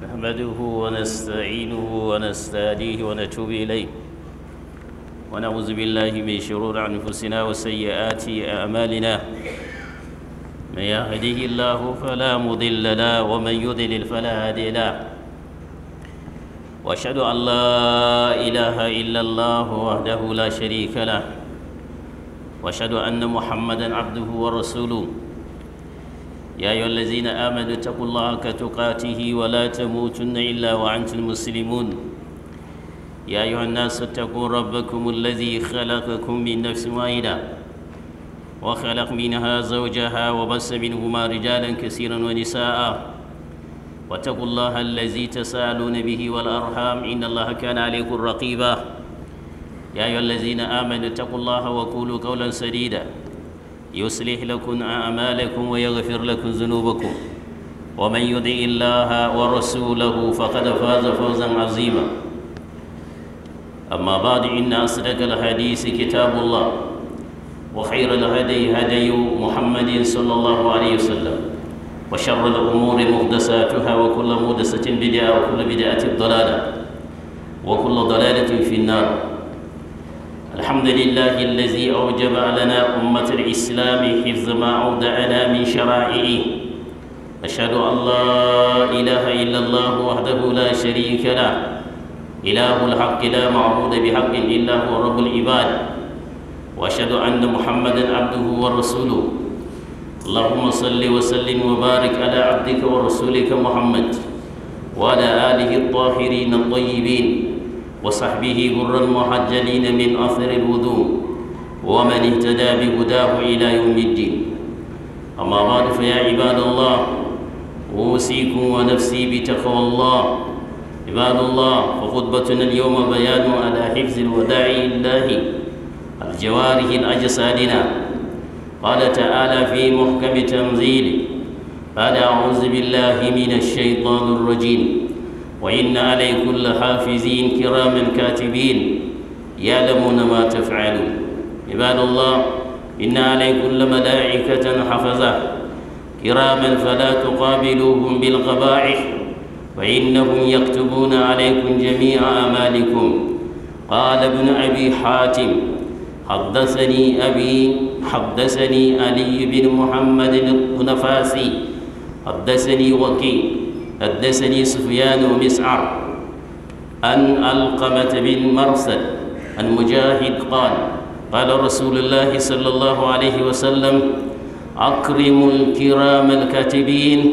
نحمده ونستعينه ونستهديه ونتوب إليه ونعوذ بالله من شرور أنفسنا وسيئات أعمالنا من يهده الله فلا مضل له ومن يضلل فلا هادي له واشهد ان لا اله الا الله وحده لا شريك له واشهد ان محمدا عبده ورسوله يا أيها الذين آمنوا اتقوا الله كتقاته ولا تموتن إلا وأنتم مسلمون يا أيها الناس اتقوا ربكم الذي خلقكم من نفس واحدة وخلق منها زوجها وبس منهما رجالا كثيرا ونساء واتقوا الله الذي تسالون به والأرحام إن الله كان عليكم رقيبا يا أيها الذين آمنوا اتقوا الله وقولوا قولا سديدا يصلح لكم أعمالكم ويغفر لكم ذنوبكم ومن يطع الله ورسوله فقد فاز فوزا عظيما أما بعد إن أصدق الحديث كتاب الله وخير الهدي هدي محمد صلى الله عليه وسلم وشر الأمور محدثاتها وكل محدثة بدعة وكل بدعة ضلالة وكل ضلالة في النار الحمد لله الذي أوجب علينا أمة الإسلام حفظ ما أودعنا من شرائعه أشهد أن لا إله إلا الله وحده لا شريك له إله الحق لا معبود بحق إلا هو رب العباد وأشهد أن محمدا عبده ورسوله اللهم صل وسلم وبارك على عبدك ورسولك محمد وعلى آله الطاهرين الطيبين وصحبه غر المحجلين من أثر الوضوء ومن اهتدى بهداه إلى يوم الدين أما بعد فيا عباد الله أوصيكم ونفسي بتقوى الله عباد الله فخطبتنا اليوم بيان على حفظ الوداع لله الجوارح الأجسادنا قال تعالى في محكم تنزيله قال أعوذ بالله من الشيطان الرجيم وإن عليكم لحافزين كراما كاتبين يعلمون ما تفعلون عباد الله إن عليكم لملائكة حفظة كراما فلا تقابلوهم بالقبائح فإنهم يكتبون عليكم جميع أعمالكم قال ابن أبي حاتم حدثني أبي حدثني علي بن محمد النفاسي حدثني وكيل حدثني سفيان ومسعر أن القمة بن مرثد أن مجاهد قال قال رسول الله صلى الله عليه وسلم أكرموا الكرام الكاتبين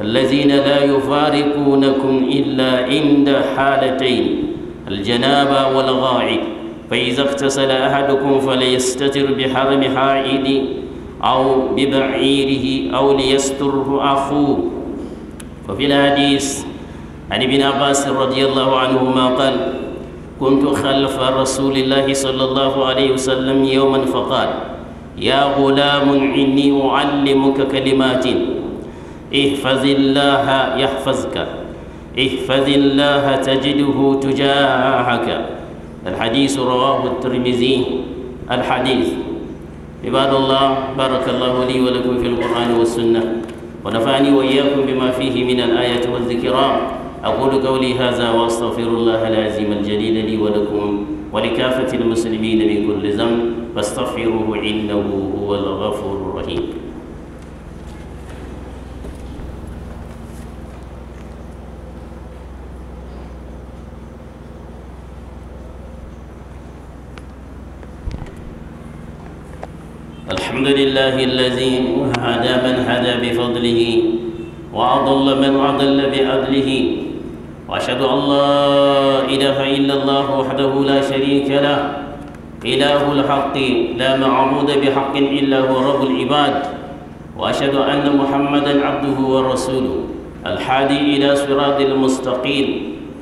الذين لا يفارقونكم إلا عند حالتين الجنابة والغائب فإذا اغتسل أحدكم فليستتر بحرم حائد أو ببعيره أو ليستره أخوه وفي الحديث عن ابن عباس رضي الله عنهما قال كنت خلف رسول الله صلى الله عليه وسلم يوما فقال يا غلام إني أعلمك كلمات احفظ الله يحفظك احفظ الله تجده تجاهك الحديث رواه الترمذي الحديث عباد الله بارك الله لي ولكم في القرآن والسنة ونفعني وإياكم بما فيه من الآية والذكرى أقول قولي هذا وأستغفر الله العظيم الجليل لي ولكم ولكافة المسلمين من كل ذنب فاستغفروه إنه هو الغفور الرحيم الحمد لله الذي هدى من هدى بفضله وأضل من أضل بعدله وأشهد أن لا إله إلا الله وحده لا شريك له إله الحق لا معبود بحق إلا هو رب العباد وأشهد أن محمدا عبده ورسوله الحادي إلى صراط المستقيم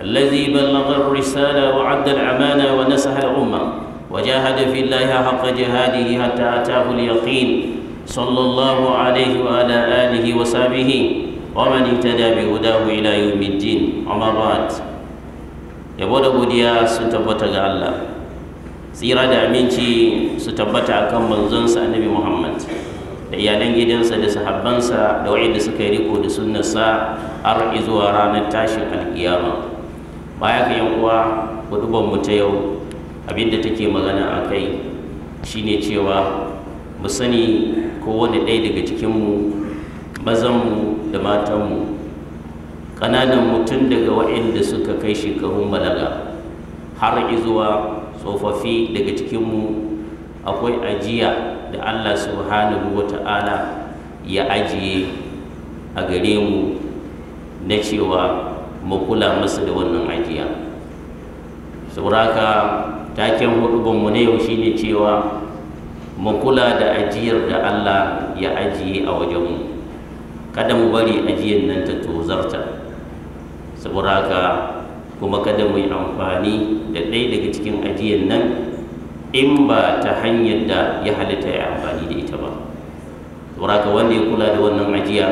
الذي بلغ الرسالة وعد الأمانة ونسح الأمة وجاهد في الله حق جهاده حتى أتاه اليقين صلى الله عليه وعلى آله وصحبه ومن اهتدى بهداه إلى يوم الدين أما بعد yabo da godiya sun tabbata ga Allah tsira da aminci su tabbata a akan manzonsa annabi Muhammad da iyalan gidansa da sahabbansa da wa'inda suka yi riko da sunnarsa har zuwa ranar tashin alkiyama baya ga yan uwa hudubar mu ta yau abinda take magana a kai shi ne cewa mu sani kowane ɗaya daga cikinmu mazanmu da matanmu ƙananan mutum daga waɗanda suka kai shekarun balaga har izuwa tsofaffi daga cikinmu akwai ajiya da allah subhanahu wa ta'ala ya ajiye a gare mu na cewa mu kula masa da wannan ajiya sauraka taken mu na yau shine cewa mu kula da ajiyar da Allah ya ajiye a wajenmu kada mu bari ajiyar nan ta tozarta saboda haka kuma kada mu yi amfani da ɗaya daga cikin ajiyar nan in ba ta hanyar da ya halitta ya amfani da ita ba saboda haka wanda ya kula da wannan ajiya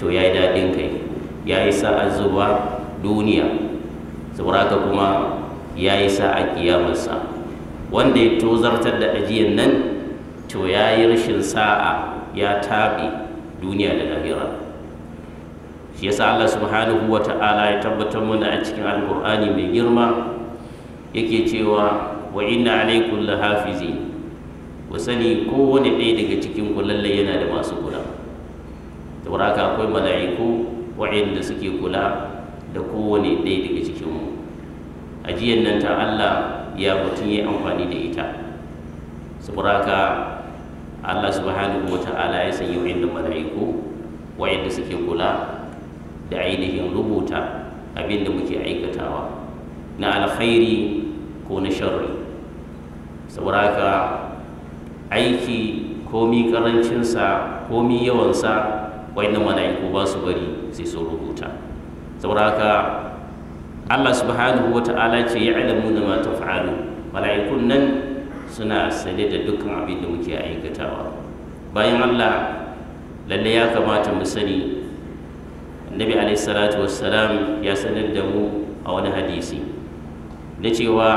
to ya yi daɗin kai ya yi sa'ar zuba duniya saboda haka kuma ya yi sa'a kiyamarsa wanda ya tozartar da ajiyar nan to ya yi rashin sa'a ya taɓe duniya da lahira shi yasa Allah subhanahu wa ta'ala ya tabbatar mana a cikin alkur'ani mai girma yake cewa wa inna alaikum lahafizi ku sani kowane ɗaya daga cikin ku yana da masu kula saboda haka akwai mala'iku wa'inda suke kula da kowane ɗaya daga ajiyar nan ta Allah ya mutum ya amfani da ita saboda haka Allah subhanahu ala ya sanya wa'annan mala'iku yadda suke kula da ainihin rubuta abin da muke aikatawa na alkhairi ko na sharri saboda haka aiki komi karancinsa komi yawansa wa'annan mala'iku ba su bari sai sun rubuta saboda haka Allah subhanahu wa ta'ala ce ya ilimu da mata fa'alu mala'ikun nan suna sane da dukkan abin da muke aikatawa bayan Allah lalle ya kamata mu sani annabi alaihi salatu wassalam ya sanar da mu a wani hadisi na cewa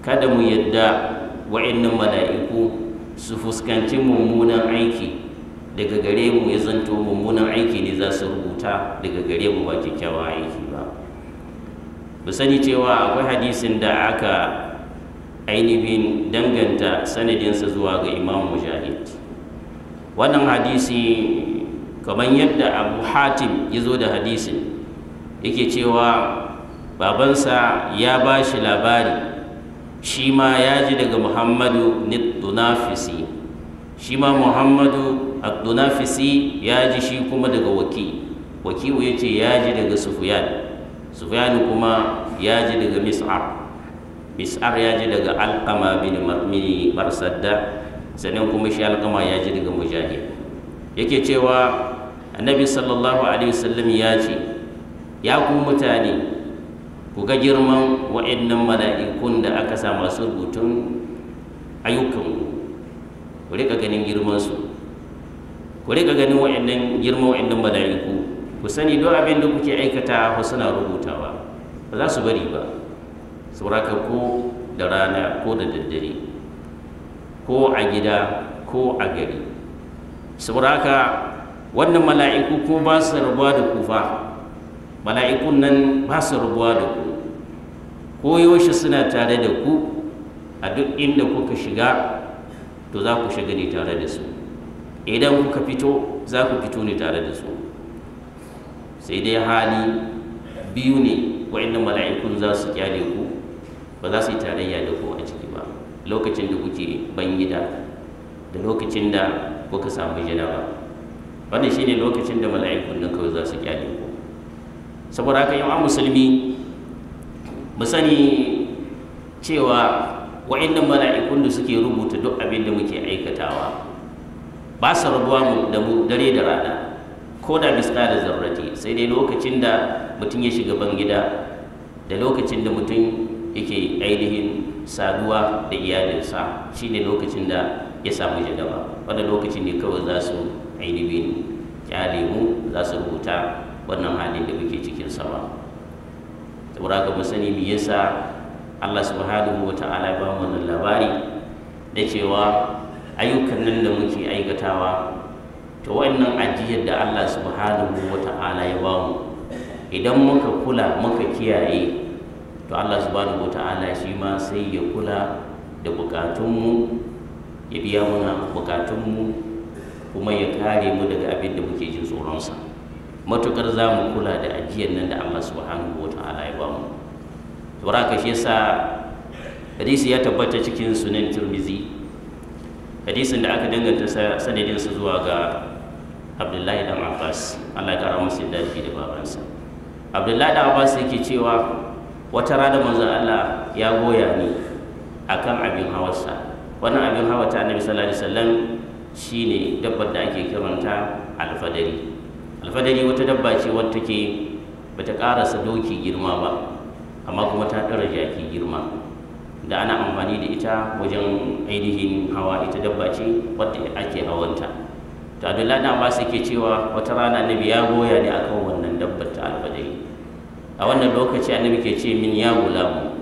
kada mu yadda wa'annan mala'iku su fuskanci mummunan aiki daga gare mu ya zanto mummunan aiki ne za su rubuta daga gare mu ba kyakkyawan aiki ku sani cewa akwai hadisin da aka ainihin danganta sanadinsa zuwa ga imam mujahid wannan hadisi kamar yadda abu hatim ya zo da hadisin yake cewa babansa ya ba shi labari shi ma ya ji daga muhammadu dunafisi shi ma muhammadu dunafisi ya ji shi kuma daga waki wakiwu ya ce ya ji daga sufiyar. sufyan kuma ya ji daga mis'ar mis'ar ya ji daga alqama bin marmini barsadda sannan kuma shi alqama ya ji daga mujahid yake cewa annabi sallallahu alaihi wasallam ya ce ya ku mutane ku ga girman wa'annan mala'ikun da aka sa masu rubutun ayyukan ku rika ganin girman su ku rika ganin wa'annan girman wa'annan mala'iku ku sani duk abin da kuke aikata ku suna rubutawa ba za su bari ba sauraka ko da rana ko da daddare ko a gida ko a gari sauraka wannan mala'iku ko ba su rabuwa da ku fa mala'ikun nan ba su rabuwa da ku ko yaushe suna tare da ku a duk inda kuka shiga to za ku shiga ne tare da su idan kuka fito za ku fito ne tare da su sai dai hali biyu ne wa'annan mala'ikun za su kyale ku ba za su yi tarayya da ku a ciki ba lokacin da kuke ban gida da lokacin da kuka samu janaba wannan shine lokacin da mala'ikun nan kawai za su kyale ku saboda haka yawan musulmi mu sani cewa wa'annan mala'ikun da suke rubuta duk abin da muke aikatawa ba su rabuwa da mu dare da rana ko da da zarrati sai dai lokacin da mutum ya shiga ban gida da lokacin da mutum yake ainihin saduwa da iyalinsa shine lokacin da ya samu jadaba wanda lokacin ne kawai za su ainihin kyalemu mu za su rubuta wannan halin da muke cikin sama saboda ka mu sani me yasa Allah subhanahu wa ta'ala ba mu wannan labari da cewa ayyukan nan da muke aikatawa to wannan ajiyar da Allah subhanahu wa ta'ala ya ba mu idan muka kula muka kiyaye to Allah subhanahu wa ta'ala shi ma sai ya kula da bukatunmu ya biya muna bukatunmu kuma ya kare mu daga abin da muke jin tsoronsa matukar za mu kula da ajiyar nan da Allah subhanahu wa ta'ala ya ba mu hadisi ya tabbata cikin sunan tirmizi hadisin da aka danganta sanadinsa zuwa ga abdullahi dan abbas allah ya kara masa dafi da babansa abdullahi dan abbas yake cewa wata rana manzo allah ya goya ni akan abin hawarsa wannan abin hawa ta annabi sallallahu alaihi wasallam shine dabbar da ake kiranta alfadari alfadari wata dabba ce wadda take bata karasa doki girma ba amma kuma ta ɗara jaki girma da ana amfani da ita wajen ainihin hawa ita dabba ce wadda ake hawanta to abdullahi ba su ke cewa wata rana annabi ya goya ne a akan wannan dabbar ta alfajiri a wannan lokaci annabi ke ce min ya gulamu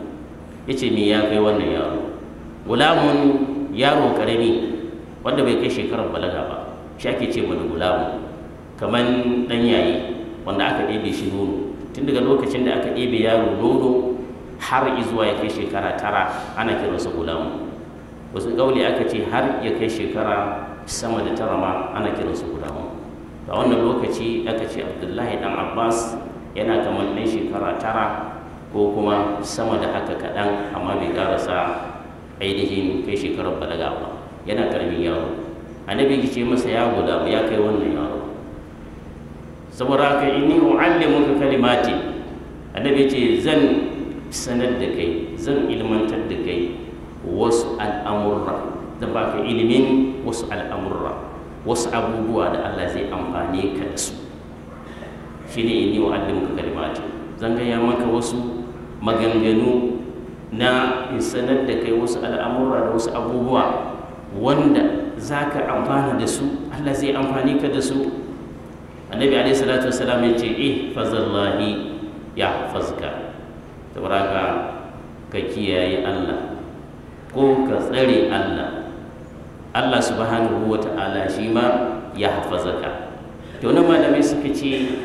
ce min ya kai wannan yaro gulamun yaro karami wanda bai kai shekarar balaga ba shi ake ce mana gulamu kamar dan yayi wanda aka ɗebe shi nono tun daga lokacin da aka ɗebe yaro nono har izuwa ya kai shekara tara ana kiransa gulamu wasu ƙauli aka ce har ya kai shekara sama da tara ma ana kiransu guda hudu a wannan lokaci aka ce abdullahi dan abbas yana kamar ɗan shekara tara ko kuma sama da haka kaɗan amma bai ƙarasa ainihin kai shekarar balaga ba yana ƙaramin yaro annabi ce masa ya guda ya kai wannan yaro saboda haka inni u'allimuka kalimati annabi ce zan sanar da kai zan ilmantar da kai wasu al'amurra zan baka ilimin wasu al'amurra wasu abubuwa da Allah zai amfane ka da su shi ne yi wa ka kalimati zan gaya maka wasu maganganu na sanar da kai wasu al'amurra da wasu abubuwa wanda za ka amfana da su Allah zai amfani ka da su annabi alaihi salatu wasalam ya ce eh fazallahi ya fazka tabaraka ka kiyaye Allah ko ka tsare Allah Allah subhanahu wa ta'ala shi ma ya hafazaka to na malamai suka ce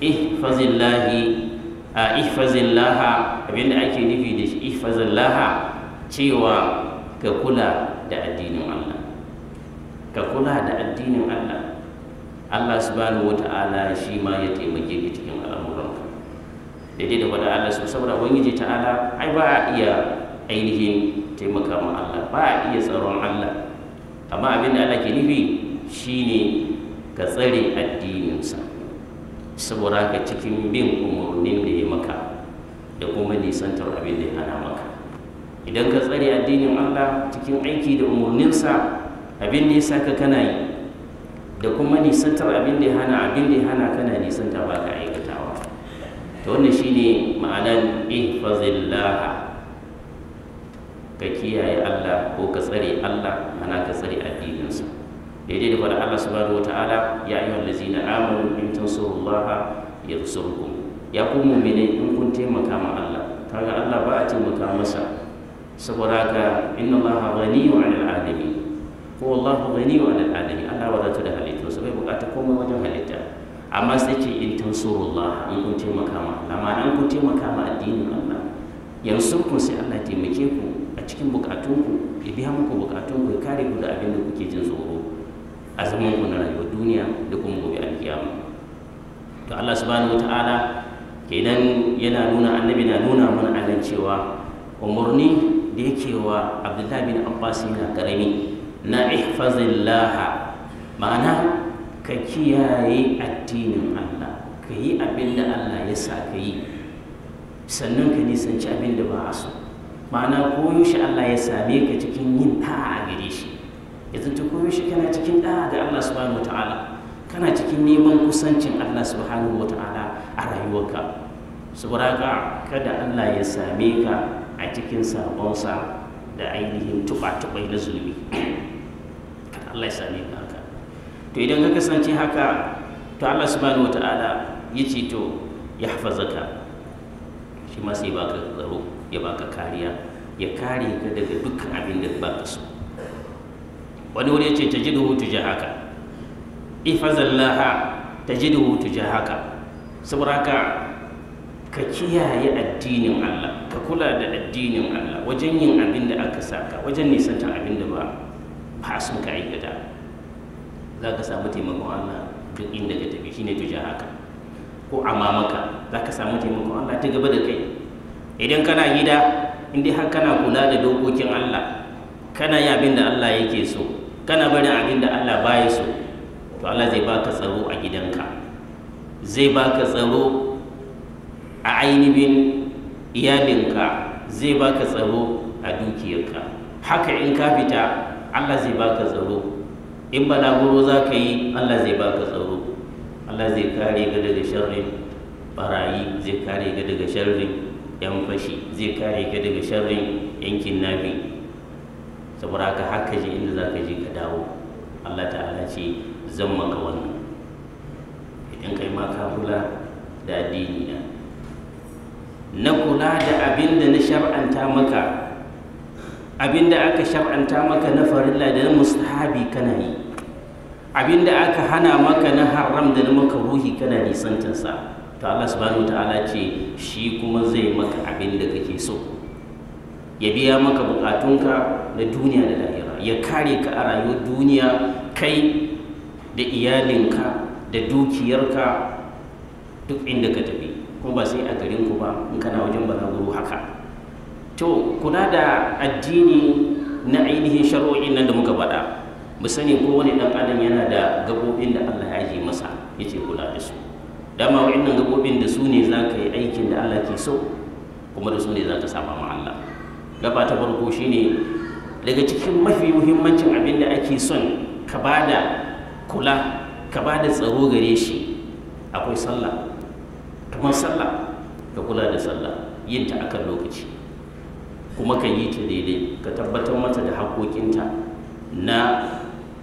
ihfazillahi a ihfazillaha abinda ake nufi da shi ihfazillaha cewa ka kula da addinin Allah ka kula da addinin Allah Allah subhanahu wa ta'ala shi ma ya taimake ka cikin al'amuranka daidai da wanda Allah saboda ubangiji ta'ala ai ba a iya ainihin taimaka ma Allah ba a iya tsaron Allah amma abin da Allah ke nufi shine ka tsare addininsa saboda ka cikin bin umarnin da ya maka da kuma nisantar abin da ya hana maka idan ka tsare addinin Allah cikin aiki da umarninsa abin da ya sa ka kana yi da kuma nisantar abin da ya hana abin da ya hana kana nisanta ba ka aikatawa to wannan shine ma'anar ihfazillah ka kiyaye Allah ko ka tsare Allah mana ka tsare addininsa daidai da faɗa Allah subhanahu wataala ya ayyuhal ladzina amanu in tansurullaha yansurkum ya ku mu'mine in kun taimaka ma Allah kaga Allah ba a taimaka masa saboda haka inna Allah ghaniyyu 'anil 'alamin ko Allah ghaniyyu 'anil 'alamin Allah ta da halittu sai bukata komai wajen halitta amma sai ce in tansurullah in kun taimaka ma Allah ma'ana in kun taimaka ma addinin Allah yansurkum sai Allah taimake ku cikin bukatunku ya biya muku bukatunku ya kare ku da abin da kuke jin tsoro a zaman ku na rayuwar duniya da kuma gobe alkiyama to Allah subhanahu wataala kenan yana nuna annabi na nuna mana anan cewa umurni da yake wa Abdullahi bin Abbas yana karami na ihfazillaha ma'ana ka kiyaye addinin Allah ka yi abin da Allah ya sa ka yi sannan ka nisanci abin da ba a so ma'ana koyo shi Allah ya same ka cikin yin ɗa'a a gare shi ya zanta koyo shi kana cikin ɗa'a ga Allah subhanahu wataala kana cikin neman kusancin Allah subhanahu wataala a rayuwarka saboda kada Allah ya same ka a cikin sabonsa da ainihin tuba-tubai na zulmi kada Allah ya same ka haka to idan ka kasance haka to Allah subhanahu wataala ya ce to ya hafazaka shi ma sai baka tsaro ya baka kariya ya kare ka daga dukkan abin da baka so wani wani yace tajiduhu tujahaka ifazallaha tajiduhu tujahaka saboda haka ka kiyaye addinin Allah ka kula da addinin Allah wajen yin abin da aka saka wajen nisantar abin da ba ba su ka aikata za ka samu taimakon Allah duk inda ka tafi shine tuja haka ko amma maka za ka samu taimakon Allah ta gaba da kai idan kana gida inda har kana kula da dokokin Allah kana yi abin da Allah yake so kana barin abin da Allah baya so to Allah zai baka tsaro a gidanka zai baka tsaro a ainihin iyalinka zai baka tsaro a dukiyarka haka in ka fita Allah zai baka tsaro in balaguro za ka yi Allah zai baka tsaro Allah zai kare ka daga sharrin barayi zai kare ka daga sharrin 'yan fashi zai kare ka daga sharrin yankin nafi saboda ka haka ji inda za ka je ka dawo allah ta'ala ce zan maka wannan idan kai ma ka kula da addini na na kula da abin da na shar'anta maka abin da aka shar'anta maka na farilla da na mustahabi kana yi abin da aka hana maka na haram da na makaruhi kana nisantarsa to Allah subhanahu ta'ala ce shi kuma zai maka abin da kake so ya biya maka bukatunka na duniya da lahira ya kare ka a rayuwar duniya kai da iyalinka da dukiyarka duk inda ka tafi kuma ba sai a garin ku ba in kana wajen balaguro haka to kuna da addini na ainihin shari'o'in nan da muka faɗa mu sani ko wani ɗan adam yana da gabobin da Allah ya ji masa yace kula da su dama wa'annan gaɓoɓin da su ne za ka yi aikin da Allah ke so kuma da su ne za ka saba ma Allah gaba ta farko ne daga cikin mafi muhimmancin abin da ake son ka ba da kula ka ba da tsaro gare shi akwai sallah kamar sallah ka kula da sallah yin ta akan lokaci kuma ka yi ta daidai ka tabbatar mata da haƙoƙinta na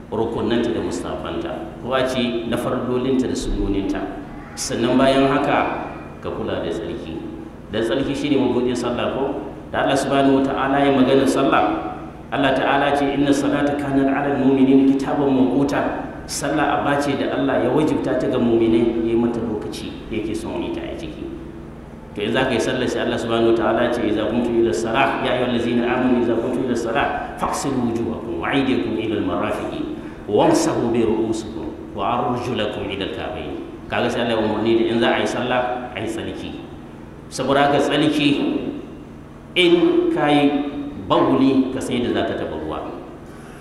rukunanta da mustafanta kuma ce na fardolinta da sunoninta sannan bayan haka ka kula da tsarki da tsarki shine mabudin sallah ko da Allah subhanahu wata'ala ya magana sallah Allah ta'ala ce inna salata kanat 'ala al-mu'minina kitaban mawquta sallah abba ce da Allah ya wajibta ta ga mu'minai yayi mata lokaci yake son ita a ciki to in zaka yi sallah sai Allah subhanahu wata'ala ce idza kuntum ila salah ya ayyuhal ladzina amanu idza kuntum ila salah faqsilu wujuhakum wa aydiyakum ila al-marafiqi wamsahu bi ru'usikum wa arjulakum ila al-ka'bayn kaga sai Allah ya umarni da in za a yi sallah a yi tsalki saboda haka tsalki in ka yi bawuli ka sai da za ka taɓa ruwa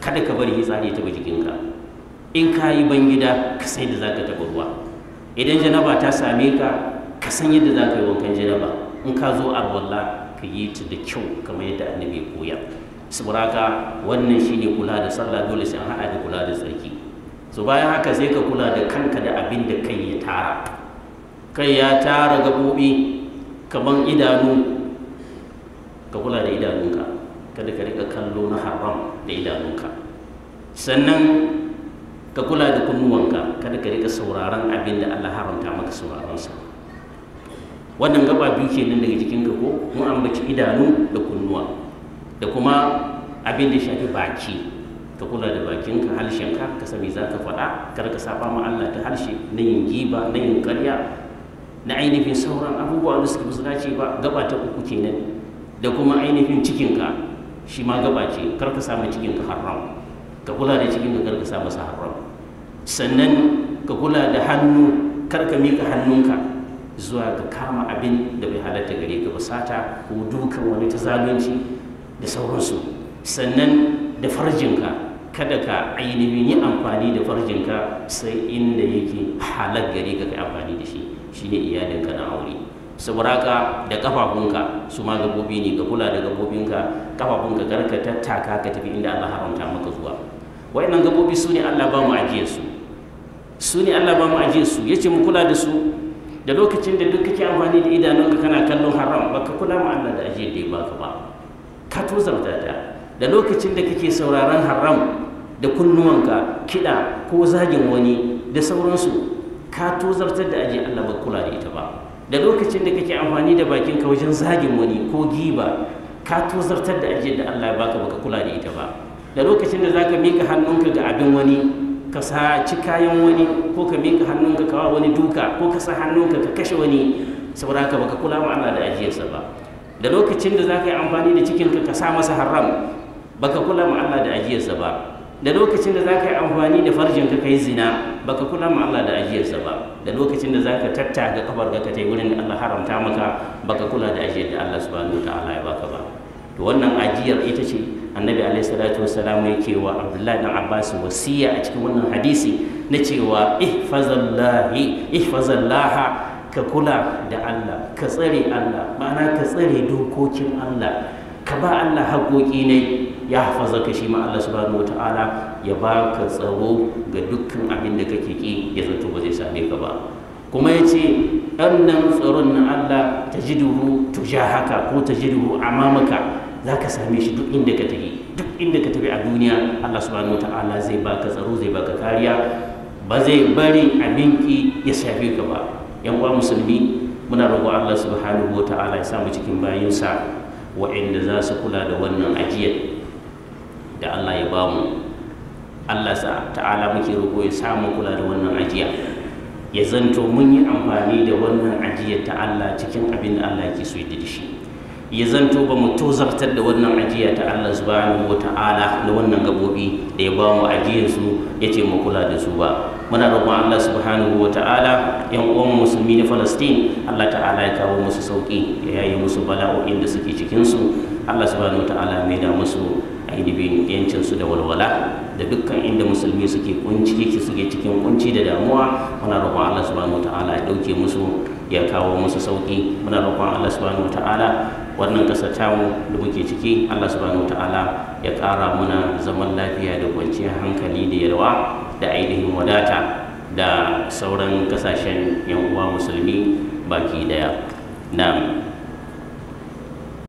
kada ka bari hitsari ta taɓa jikinka in ka yi bangida ka sai da za ka taɓa ruwa idan janaba ta same ka ka san yadda za ka yi wankan janaba in ka zo arwalla ka yi ta da kyau kamar yadda annabi ya koya saboda haka wannan shine kula da sallah dole sai an haɗa da kula da tsarki su bayan haka sai ka kula da kanka da abin da kai ya tara kai ya tara gaɓoɓi kaman idanu ka kula da idanunka kada ka riƙa kallo na haram da idanunka sannan ka kula da kunnuwanka kada ka riƙa sauraron abin da Allah haramta maka sa. wannan gaba biyu nan daga jikinka ko mu ambaci idanu da kunnuwa da kuma abin da shafi baki ka kula da bakinka harshenka ka sami za ka faɗa kar ka saba ma Allah ta harshe na yin giba na yin ƙarya na ainihin sauran abubuwa da suke musu dace ba gaba ta uku kenan da kuma ainihin cikinka shi ma gaba ce kar ka cikin cikinka haram ka kula da cikinka kar ka samu haram sannan ka kula da hannu kar ka mika hannunka zuwa ga kama abin da bai halatta gare ka ba sata ko dukan wani ta zalunci da sauransu sannan da farjinka kada ka ainihin yi amfani da farjinka sai inda yake halar gari ka kai amfani da shi shine iyalinka na aure saboda da kafafunka su ma gabobi ne ka kula da gabobinka kafafunka kar ka tattaka ka tafi inda Allah haramta maka zuwa wayannan gabobi su ne Allah ba mu ajiye su su ne Allah ba mu ajiye su yace mu kula da su da lokacin da duk kake amfani da idanunka kana kallon haram baka kula ma Allah da ajiyar da ya baka ba ka tozarta ta da lokacin da kake sauraron haram da kunnuwanka kiɗa ko zagin wani da sauransu ka tozartar da aji Allah ba kula da ita ba da lokacin da kake amfani da bakinka wajen zagin wani ko giba ka tozartar da aji da Allah ya baka baka kula da ita ba da lokacin da zaka mika hannunka ga abin wani ka saci kayan wani ko ka mika hannunka kawa wani duka ko ka sa hannunka ka kashe wani saboda haka baka kula ma Allah da ajiyarsa ba da lokacin da zaka yi amfani da cikinka ka sa masa haram baka kula ma Allah da ajiyarsa ba da lokacin da za ka yi amfani da farjin ka kai zina baka kula ma Allah da ajiyarsa ba da lokacin da za ka tattaka kafar ka kai wurin da Allah haramta maka baka kula da ajiyar da Allah subhanahu wataala ya baka ba to wannan ajiyar ita ce annabi alaihi salatu wassalam yake wa Abdullahi dan Abbas wasiya a cikin wannan hadisi na cewa ihfazallahi ihfazallaha ka kula da Allah ka tsare Allah ma'ana ka tsare dokokin Allah ka ba Allah haƙoƙi ne ya hafaza ka shi ma Allah subhanahu wata'ala ya baka tsaro ga dukkan abin da kake ki ya zato ba zai same ka ba kuma ya ce ɗannan tsaron na Allah ta ji duhu tuja haka ko ta ji duhu mamaka za ka same shi duk inda ka tafi duk inda ka tafi a duniya Allah subhanahu ta'ala zai baka tsaro zai ba ka kariya ba zai bari abinki ya shafe ka ba yan uwa musulmi muna roƙo Allah subhanahu wata'ala ya samu cikin bayinsa wa'inda za su kula da wannan ajiyar da Allah ya bamu Allah sa ta'ala muke roƙo ya samu kula da wannan ajiya ya zanto mun yi amfani da wannan ajiyar ta Allah cikin abin da Allah yake so ya da shi ya zanto ba mu tozartar da wannan ajiya ta Allah subhanahu wa ta'ala da wannan gabobi da ya bamu mu ajiyar su ya ce mu kula da su ba muna roƙon Allah subhanahu wa ta'ala yan uwan musulmi na Falastin Allah ta'ala ya kawo musu sauki ya yi musu bala'o'in da suke cikin su Allah subhanahu wa ta'ala mai da musu ainihin su da walwala da dukkan inda musulmi suke kunci suke cikin kunci da damuwa muna roƙon Allah subhanahu wataala ya dauke musu ya kawo musu sauƙi muna roƙon Allah subhanahu wataala wannan ƙasa tamu da muke ciki Allah subhanahu wataala ya ƙara muna zaman lafiya da kwanciyar hankali da yalwa da ainihin wadata da sauran ƙasashen yan uwa musulmi baki daya na'am